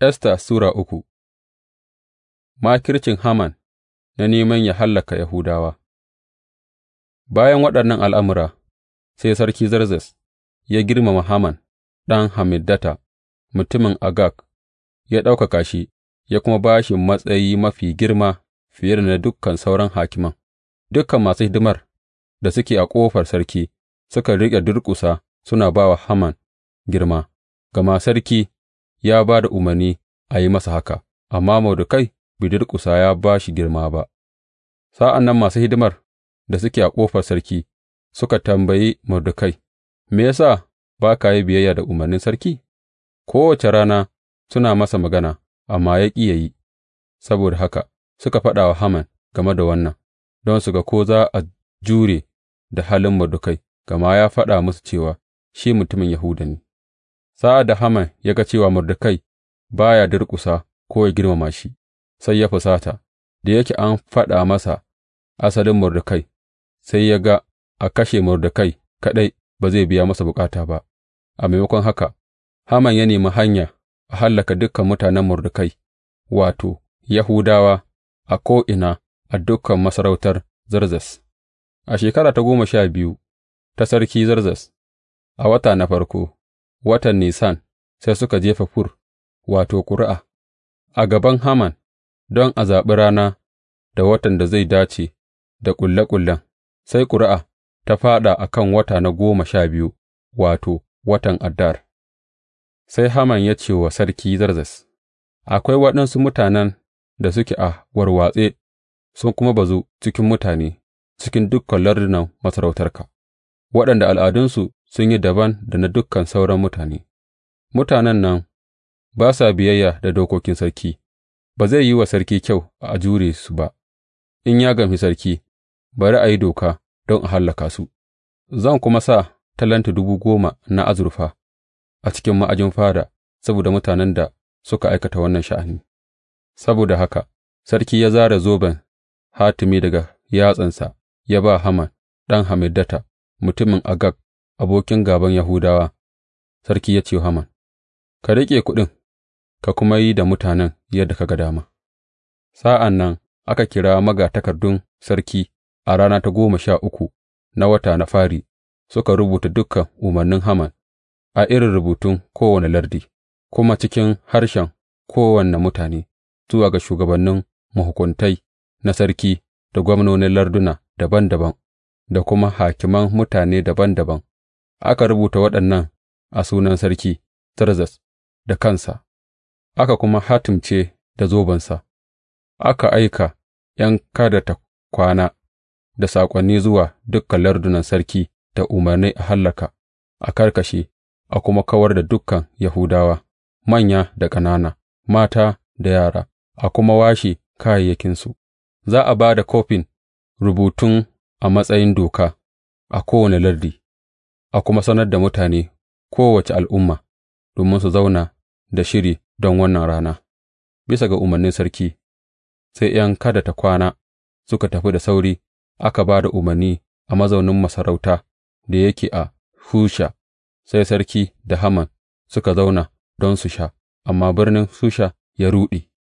Esta Sura uku Makircin Haman na neman ya hallaka Yahudawa Bayan waɗannan al'amura, sai Sarki Zerzes ya girmama Haman ɗan Hamiddata, mutumin Agag, ya ɗaukaka shi, ya kuma ba shi matsayi mafi girma fiye da na dukkan sauran hakiman, dukkan masu hidimar da suke a ƙofar sarki suka riƙe durƙusa suna ba wa Haman girma, gama sarki ya ba da umarni a yi masa haka, amma Mordekai bai durƙusa ya ba shi girma ba. Sa'an nan masu hidimar da suke a ƙofar sarki suka tambayi Mordekai, Me ya sa ba ka yi biyayya da umarnin sarki? Kowace rana suna masa magana, amma ya ƙi ya yi, saboda haka suka faɗa wa Haman game da wannan, don su ga ko za a jure da halin Mordekai, gama ya faɗa musu cewa shi mutumin Yahuda ne. Sa'ad da Haman ya ga cewa Mordekai ba ya durƙusa ko ya girmama shi, sai ya fusata, da yake an faɗa masa asalin Mordekai, sai ya ga a kashe Mordekai kaɗai ba zai biya masa bukata ba, a maimakon haka, Haman ya nemi hanya a hallaka dukan mutanen Mordekai, wato, Yahudawa a ko'ina a dukan masarautar Zarzas. A shekara ta goma sha biyu ta sarki Zarzas, a wata na farko, watan Nisan, sai suka jefa fur, wato, ƙuri'a, a gaban Haman don a zaɓi rana da watan da zai dace da ƙulle-ƙullen, sai ƙuri'a ta faɗa a kan wata na goma sha biyu, wato, watan Adar. Sai Haman ya ce wa sarki Zarzas, Akwai waɗansu mutanen da suke a warwatse sun kuma bazu cikin mutane cikin dukkan lardunan masarautarka, waɗanda al'adunsu sun yi daban da na dukan sauran mutane, mutanen nan ba sa biyayya da dokokin sarki, ba zai yi wa sarki kyau a jure su ba, in ya gamfi sarki, bari a yi doka don a hallaka su, zan kuma sa talenti dubu goma na azurfa a cikin ma'ajin fada saboda mutanen da suka aikata wannan sha'ani. Saboda haka, sarki ya zara zoben hatimi daga yatsansa ya ba Haman ɗan Hamiddata mutumin Agag abokin gaban Yahudawa, sarki ya ce wa Haman, Ka riƙe kuɗin, ka kuma yi da mutanen yadda ka ga dama. Sa'an nan aka kira magatakardun sarki a rana ta goma sha uku na wata na fari suka rubuta dukan umarnin Haman a irin rubutun kowane lardi, kuma cikin harshen kowane mutane zuwa ga shugabannin mahukuntai na sarki da gwamnonin larduna daban daban da kuma hakiman mutane daban daban aka rubuta waɗannan a sunan sarki tarzas da kansa, aka kuma hatimce da zobensa, aka aika ’yan kada ta kwana da saƙonni zuwa dukkan lardunan sarki da umarnai a hallaka, a karkashe, a kuma kawar da dukkan Yahudawa, manya da ƙanana, mata da yara, a kuma washe kayayyakinsu. Za a ba da kofin rubutun a matsayin doka a kowane lardi. a kuma sanar da mutane kowace al'umma domin su zauna da shiri don wannan rana, bisa ga umarnin sarki, sai ’yan kada ta kwana suka tafi da sauri aka ba da umarni a mazaunin masarauta da yake a Husha, sai sarki da Haman suka zauna don su sha, amma birnin Husha ya ruɗe.